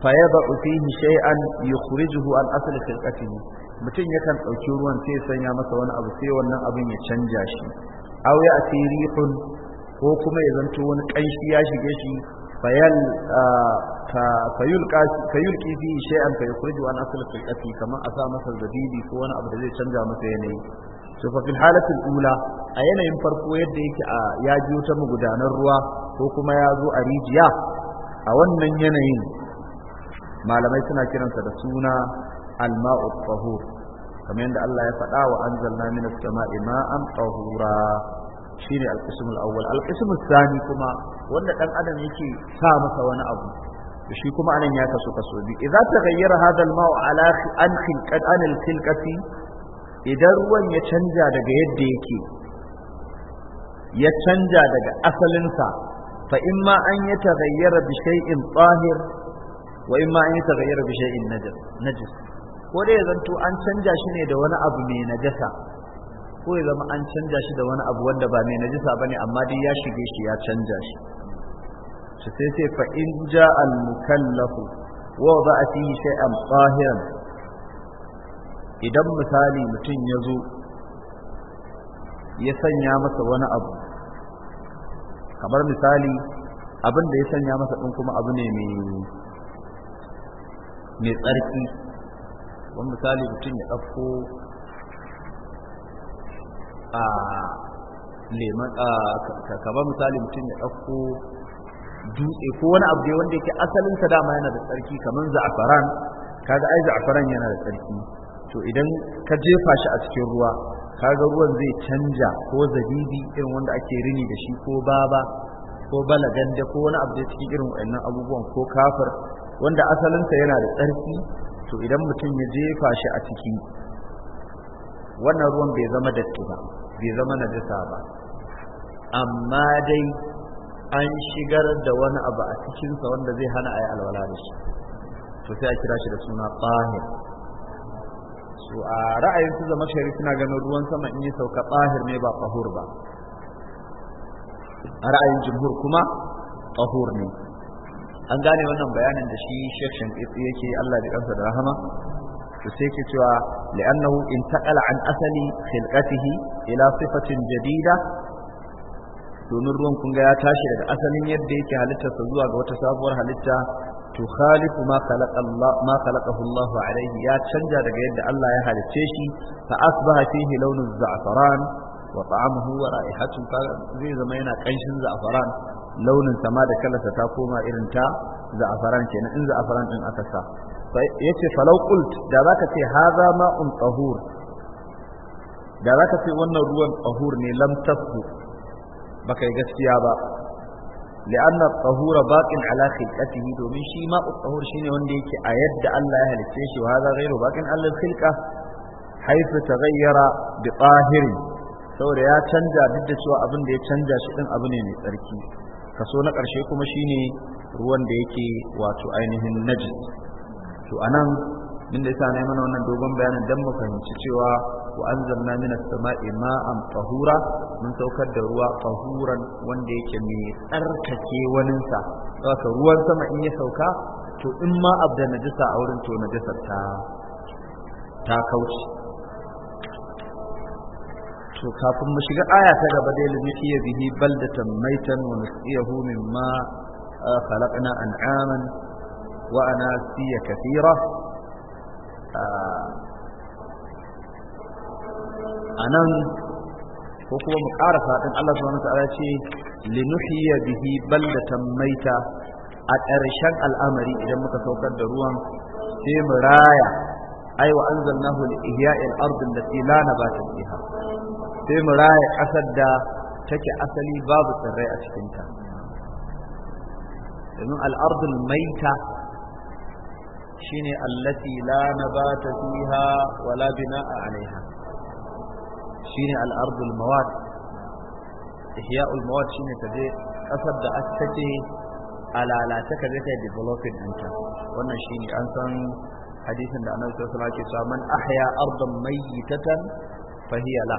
fayaba'u fihi shay'an yukhrijuhu an asli khilqatihi mutum yakan dauki ruwan sai sanya masa wani abu sai wannan abin ya canja shi aw ya atirihun ko kuma ya zanto wani kanshi ya shige shi fayal fayulqa fayulqi fihi shay'an fayukhriju an asli khilqatihi kamar a sa masa zabibi ko wani abu da zai canja masa yanayi to fa fil halatil ula a yanayin farko yadda yake a ya jiyo ta magudanar ruwa ko kuma ya zo a rijiya a wannan yanayin malamai suna kiransa da suna alma'u tahur kamar yadda Allah ya faɗa wa anzalna min as-sama'i ma'an tahura shine al-qism al-awwal al-qism al-thani kuma wanda dan adam yake sa masa wani abu shi kuma anan ya kaso kaso bi idza taghayyara hadha al-ma'u ala an al-khilqati idan ruwan ya canja daga yadda yake ya canja daga asalinsa fa imma an ya taghayyara bi shay'in tahir wa in ma an yataghayyara bi shay'in najas najis ko dai zanto an canja shi ne da wani abu mai najasa ko ya zama an canja shi da wani abu wanda ba mai najasa ba ne amma dai ya shige shi ya canja shi shi sai sai fa in ja al mukallafu wa ba a fihi shay'an qahiran idan misali mutum ya zo ya sanya masa wani abu kamar misali abin da ya sanya masa din kuma abu ne mai mai tsarki wani misali mutum ya ɗauko a leman kamar misali mutum ya ɗauko dutse ko wani abu dai wanda yake asalin ta dama yana da tsarki kamar za'afaran kaga ai za'afaran yana da tsarki to idan ka jefa shi a cikin ruwa kaga ruwan zai canja ko zabibi irin wanda ake rini da shi ko baba ko balagande, ko wani abu da cikin irin wannan abubuwan ko kafir wanda asalinsa yana da tsarki to idan mutum ya jefa shi a ciki wannan ruwan bai zama datti ba bai zama na jisa ba amma dai an shigar da wani abu a cikinsa wanda zai hana a yi alwala da shi to sai a kira shi da suna tsahir su a ra'ayin su zama shari suna ganin ruwan sama in yi sauka tsahir ne ba tsahur ba a ra'ayin jumhur kuma tsahur ne an gane wannan bayanin da shi Sheikh Shamqiti yake Allah ya kansa da rahama to sai yake cewa li'annahu intaqala an asali khilqatihi ila sifatin jadida domin ruwan kunga ya tashi daga asalin yadda yake halittarsa zuwa ga wata sabuwar halitta tukhalifu ma khalaqa Allah ma khalaqahu Allah alayhi ya canja daga yadda Allah ya halicce shi fa asbaha fihi launu za'faran wa ta'amuhu wa ra'ihatu zai zama yana kanshin za'faran launin sama da kalarsa ta koma irin ta za'afaran kenan in za'afaran din aka sa yace falau qult da zaka ce haza ma'un tahur da zaka ce wannan ruwan tahur ne lam tasbu baka yi gaskiya ba لأن الطهور باق على خلقته domin shi ma الطهور shine wanda yake a yadda Allah ya halice shi wa hada ghairu baqin Allah khilqa haythu taghayyara bi tahir saboda ya canza duk da cewa abin da ya canza shi ɗin abu ne mai tsarki kaso na ƙarshe kuma shine ruwan da yake wato ainihin najis to anan min da yasa mana wannan dogon bayanin dan mu fahimci cewa wa anzalna minas sama'i ma'an tahura mun saukar da ruwa tahuran wanda yake mai tsarkake waninsa saboda ruwan sama in ya sauka to in ma abda najisa a wurin to najisar ta ta kauce to kafin mu shiga aya ta gaba dai lumiya bihi baldatan maitan wa nasiyahu mimma ah, khalaqna an'aman wa anasiya kathira ah, anan ko kuma mu ƙara fadin Allah subhanahu wa ta'ala ce linuhiya bihi baldatan maita a ƙarshen al'amari idan muka saukar da ruwan sai mu raya ai wa anzalnahu li ihya'il ardh allati la nabata fiha sai mu raya ƙasar da take asali babu tsirrai a cikinta domin al'ardul maita shine allati la nabata fiha wala bina'a alaiha shine al'ardul mawad ihya'ul mawad shine kaje kasar da aka take alalata kaje kai developing ɗinta wannan shine an san hadisin da annabi sallallahu alaihi wasallam ke cewa man ahya ardan mayyitatan fahiya la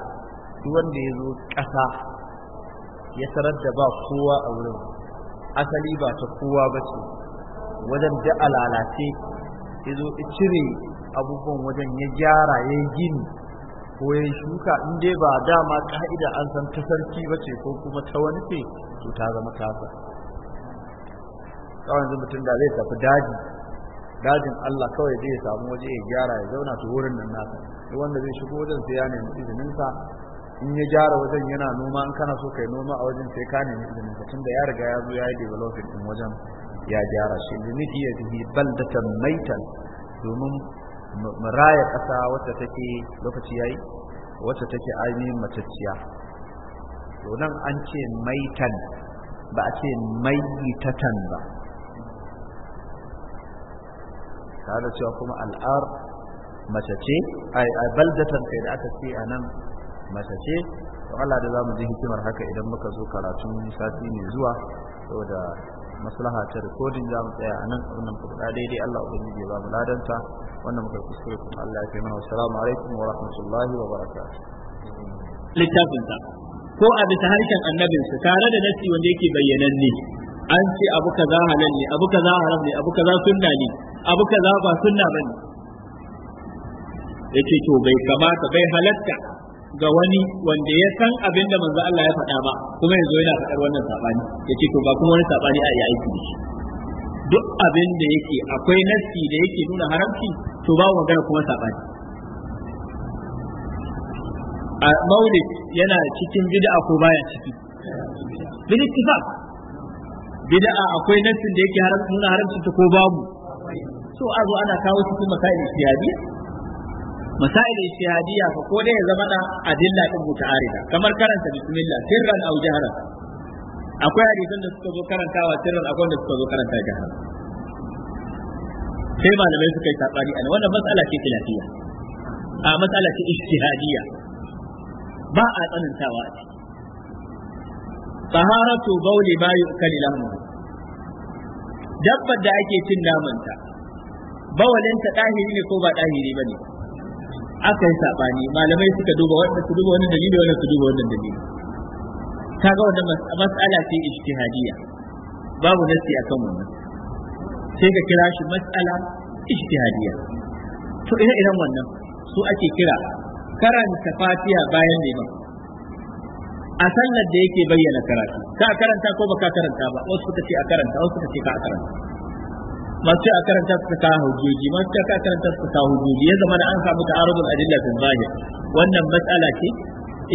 duk wanda ya zo ƙasa ya tarar da ba kowa a wurin asali ba ta kowa ba ce wajen da alalace ya zo cire abubuwan wajen ya gyara ya yi gini ko ya shuka in dai ba dama ka'ida an san ta sarki ba ce ko kuma ta wani ce to ta zama tasa kawai yanzu mutum da zai tafi daji dajin Allah kawai zai samu waje ya gyara ya zauna ta wurin nan nasa duk wanda zai shigo wajen sai ya nemi izininsa in ya gyara wajen yana noma in kana so kai noma a wajen sai ka nemi izinin ka tunda ya riga ya zo ya yi development din wajen ya gyara shi limit ya bihi baldatan maitan domin maraya kasa wacce take lokaci yayi wacce take ainihin matacciya to nan an ce maitan ba a ce maitatan ba tare da cewa kuma al'ar mace ce ai baldatan kai da aka ce a nan mace ce to Allah da zamu ji hikimar haka idan muka zo karatun sati mai zuwa saboda maslaha ta recording zamu tsaya anan wannan fada daidai Allah ubangiji ya ba mu ladanta wannan muka kuskure kuma Allah ya kaimana assalamu alaikum wa rahmatullahi wa barakatuh littafin ta, ko a bisa harshen su, tare da nasi wanda yake bayyananne an ce abu kaza halal ne abu kaza haram ne abu kaza sunna ne abu kaza ba sunna bane yace to bai kamata bai halatta ga wani wanda ya san abin da manzo Allah ya faɗa ba kuma yanzu yana faɗar wannan sabani yace to ba kuma wani sabani a yayi aiki shi duk abin da yake akwai nassi da yake nuna haramci to ba magana kuma sabani a maudi yana cikin bid'a ko baya ciki bil ittifaq bid'a akwai nassin da yake haramci nuna haramci ta ko babu so a ana kawo cikin masail ijtihadiyya masail ijtihadiyya fa ko dai ya zama da adilla din muta'arida kamar karanta bismillah sirran aw jahran akwai hadisan da suka zo karantawa sirran akwai da suka zo karanta jahran sai malamai suka yi sabani an wannan mas'ala ce khilafiyya a mas'ala ce ijtihadiyya ba a tsanantawa a ciki taharatu bawli ma yu'kali lahmu dabbar da ake cin namanta bawalinta ɗahiri ne ko ba ɗahiri ba ne aka yi sabani malamai suka duba wanda su duba wannan dalili wanda su duba wannan dalili kaga wannan mas'ala ce ijtihadiyya babu nasi akan wannan sai ka kira shi mas'ala ijtihadiyya to ina irin wannan su ake kira karanta fatiha bayan ba? a sallar da yake bayyana karatu ka karanta ko baka karanta ba wasu suka ce a karanta wasu suka ce ka karanta masu a karanta su ta hujjoji masu a karanta su ta hujjoji ya zama da an samu ta'arubul adilla sun zahir wannan matsala ce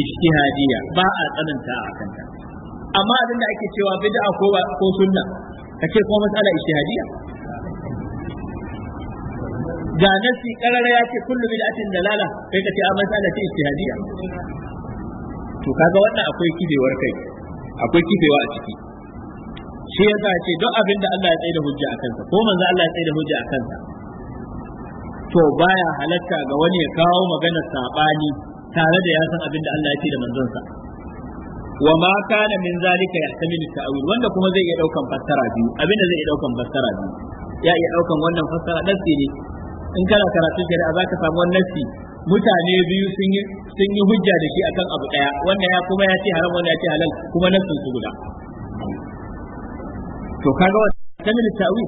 ijtihadiyya ba a tsananta a kanta amma abin da ake cewa bid'a ko ko sunna kace kuma matsala ijtihadiyya ga nasi karara ya ce kullu bid'atin dalala kai kace a matsala ce ijtihadiyya to kaga wannan akwai kibewar kai akwai kibewa a ciki shi yasa ce duk abin da Allah ya tsaye da hujja a kansa ko manzo Allah ya tsaye da hujja a kansa to baya halatta ga wani ya kawo magana sabani tare da ya san abin da Allah ya ce da manzonsa wa ma kana min zalika yahtamilu ta'wil wanda kuma zai iya daukan fassara biyu abin da zai iya daukan fassara biyu ya iya daukan wannan fassara nasi ne in kana karatun shari'a zaka samu wannan nasi mutane biyu sun yi sun yi hujja da shi akan abu daya wannan ya kuma ya ce haram wannan ya ce halal kuma nasin su guda to kaga wannan kamil tawi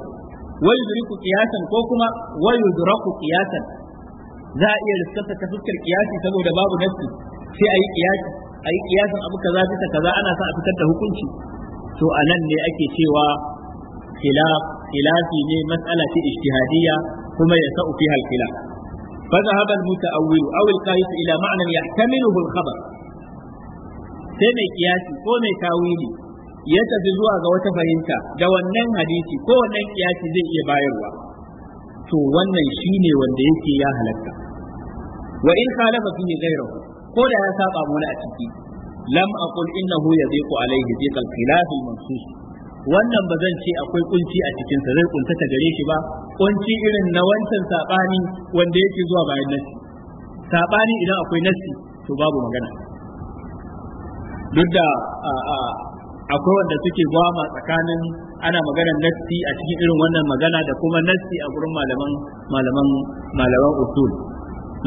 wa yudriku qiyasan ko kuma wa yudraku qiyasan za a iya riskata ta fuskar qiyasi saboda babu nassi sai ayi qiyasi ayi qiyasan abu kaza bisa kaza ana sa a fitar da hukunci to anan ne ake cewa khilaf khilafi ne mas'ala ce ijtihadiyya kuma ya sa'u fiha al-khilaf فذهب المتأول أو القائس إلى معنى يحتمله الخبر sai mai kiyasi ko mai tawili ya tafi zuwa ga wata fahimta da wannan hadisi ko wannan kiyasi zai iya bayarwa to wannan shine wanda yake ya halatta wa in khalafa fihi ghayrahu ko da ya saba mana a ciki lam aqul innahu yadhiqu alayhi dhiqa al-khilaf al-mansus wannan ba zan ce akwai kunci a cikin sa zai ta gare shi ba kunci irin na wancan sabani wanda yake zuwa bayan nasi sabani idan akwai nasi to babu magana duk da akwai wanda suke gwama tsakanin ana maganar nassi a cikin irin wannan magana da kuma nassi a gurin malaman malaman malaman usul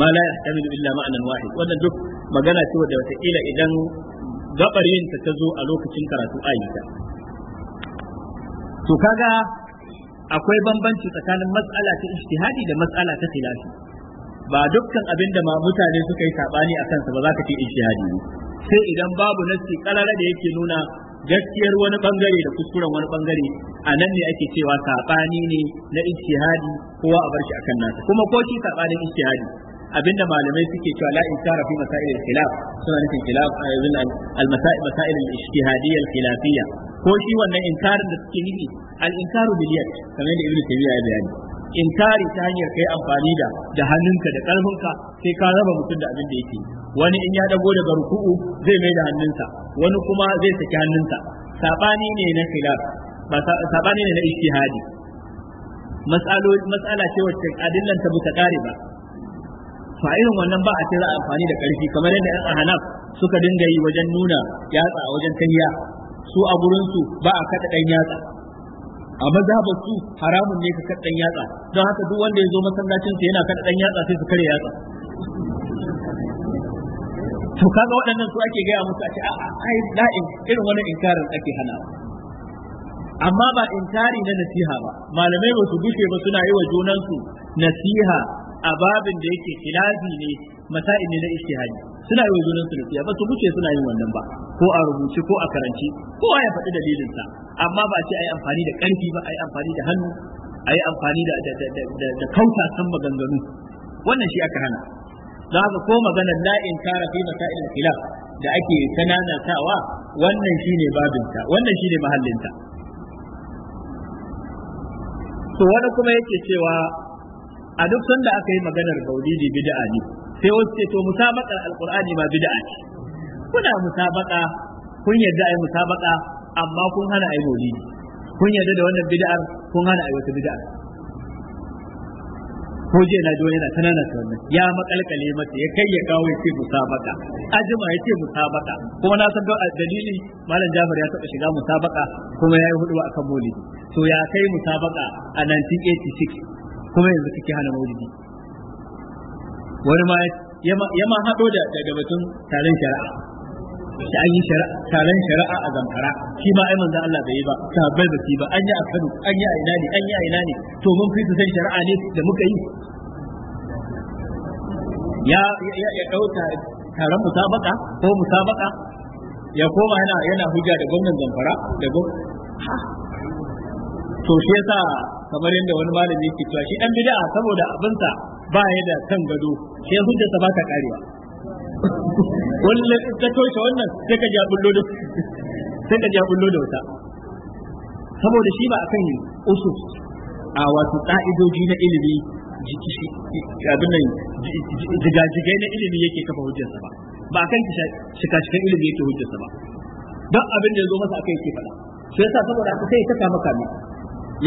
ma la yahtamilu illa ma'anan wahid wannan duk magana ce wadda ila idan gabar yin ta zo a lokacin karatu ayyuka to kaga akwai bambanci tsakanin mas'ala ta ijtihadi da mas'ala ta khilafi ba dukkan abin da mutane suka yi sabani a kansa ba za ka ce ijtihadi ne sai idan babu nassi karara da yake nuna gaskiyar wani bangare da kuskuren wani bangare a nan ne ake cewa sabani ne na ijtihadi kowa a barshi akan nasa kuma ko shi sabanin ijtihadi abinda malamai suke cewa la inkara fi masail al-khilaf suna nufin khilaf eh, al-masail masail al-ijtihadiyya al-khilafiyya ko shi wannan inkarin da suke nufi al-inkaru bil yad kamar da ibnu taymiya ya bayani In inkari ta hanyar kai amfani da da hannunka da ƙarfinka sai ka raba mutum da abin da yake wani in ya dago daga ruku'u zai mai da hannunsa wani kuma zai saki hannunsa sabani ne na khilaf sabani ne na ijtihadi mas'ala ce wacce adillan ta buka kare ba fa irin wannan ba a ce za a amfani da ƙarfi kamar yadda yan ahanaf suka dinga yi wajen nuna yatsa a wajen kanya su a gurin su ba a kada dan yatsa a mazhabar su haramun ne ka kaɗan yatsa don haka duk wanda ya zo masallacin sa yana ɗan yatsa sai su kare yatsa to kaga waɗannan su ake gaya musu a ce a'a ai da'in irin wani inkarin ake hana amma ba inkari na nasiha ba malamai ba su gushe ba suna yi wa junansu nasiha a babin da yake kilafi ne masa'in ne na ishtihadi suna yi wa junansu nasiha ba su gushe suna yin wannan ba ko a rubuce ko a karanci kowa ya faɗi dalilinsa amma ba ce ai amfani da ƙarfi ba ai amfani da hannu ai amfani da da kauta san maganganu wannan shi aka hana don haka ko magana la in tara fi masail khilaf da ake tawa wannan shine babinta wannan shine mahallinta to wani kuma yake cewa a duk sanda aka yi maganar maulidi bid'a ne sai wasu ce to musabaqar al-qur'ani ma bid'a ce kuna musabaqa kun yadda ai musabaqa amma kun hana ai maulidi kun yarda da wannan bid'ar kun hana yi wata bid'ar ko je na jo yana tanana wannan ya makalkale mata ya kai ya kawo ya ce musabaka ajima ya ce musabaka kuma na san dalili malam Jafar ya taba shiga musabaka kuma ya yi hudu kan maulidi to ya kai musabaka a 1986 kuma yanzu kike hana maulidi wani ma ya ma hado da daga batun taron shari'a da an yi taron shari'a a zamfara shi ma ai manzon Allah bai yi ba sahabbai ba su ba an yi a Kano an yi a ina ne an yi a ina ne to mun fi su san shari'a ne da muka yi ya ya ya kauta taron musabaka ko musabaka ya koma yana yana hujja da gwamnan zamfara da to shi yasa kamar yadda wani malami yake cewa shi dan bid'a saboda abinsa ba ya da kan gado sai hujjarsa ba ta karewa wannan ka toshe wannan sai ka ji abullo da sai ka ji abullo da wata saboda shi ba akan usus a wato ka'idoji na ilimi abin nan jigajigai na ilimi yake kafa hujjarsa ba ba akan shika-shikan ilimi yake hujjarsa ba don abin da ya zo masa akai yake fada shi yasa saboda haka sai ya saka maka ne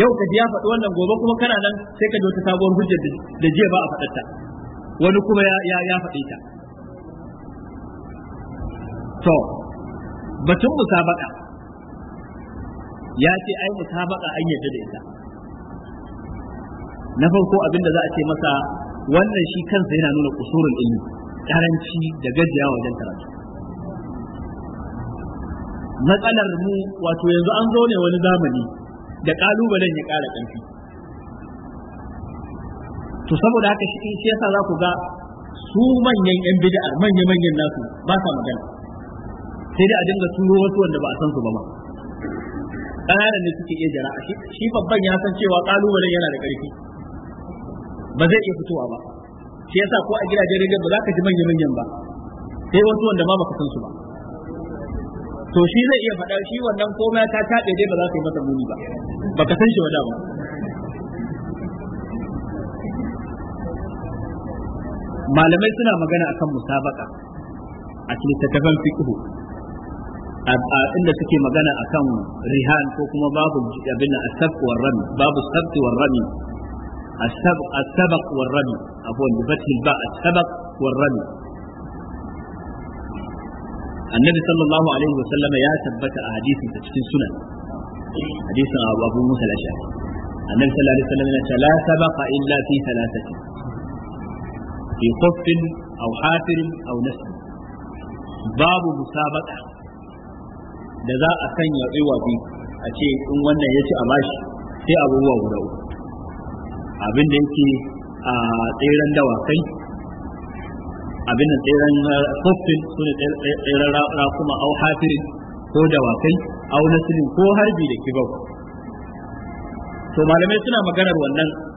yau ka ji ya faɗi wannan gobe kuma kana nan sai ka ji wata sabuwar hujjar da jiya ba a ta wani kuma ya faɗi ta to batun musabaka ya ce ai musabaka an yadda da ita na farko abin da za a ce masa wannan shi kansa yana nuna kusurin ilmi karanci da gajiya wajen karatu matsalar mu wato yanzu an zo ne wani zamani da kalubalen ya ƙara ƙarfi to saboda haka shi yasa za ku ga su manyan yan bid'a manya manyan nasu ba sa magana sai dai a dinga turo wasu wanda ba a san su ba ma ƙananan ne suke iya jara'a shi babban ya san cewa ƙalubalen yana da ƙarfi ba zai iya fitowa ba shi yasa ko a gidajen rigar ba za ka ji manyan manyan ba sai wasu wanda ma baka san su ba to shi zai iya faɗa shi wannan komai ta taɓe dai ba za ka yi masa muni ba baka san shi wada ba malamai suna magana akan musabaka a littattafan fiqh inda suke magana akan rihan ko kuma babu abin da asabq war rami babu sabt war rami asabq asabq war rami afwan bi fathi ba asabq war rami annabi sallallahu alaihi wa sallam ya tabbata a hadisin da cikin sunan hadisin abu abu musa al-ashari annabi sallallahu alaihi wa sallam ya ce la sabaqa illa fi thalathati fi khuffin aw hafirin aw nasb babu musabaqa da za a sanya iwa bi a ce in wannan ya ci a bashi sai abubuwa guda uku abin da yake a tseren dawakai abin da tseren sosfin su ne tseren rakuma au hafirin ko dawakai au nasirin ko harbi da kibau to malamai suna maganar wannan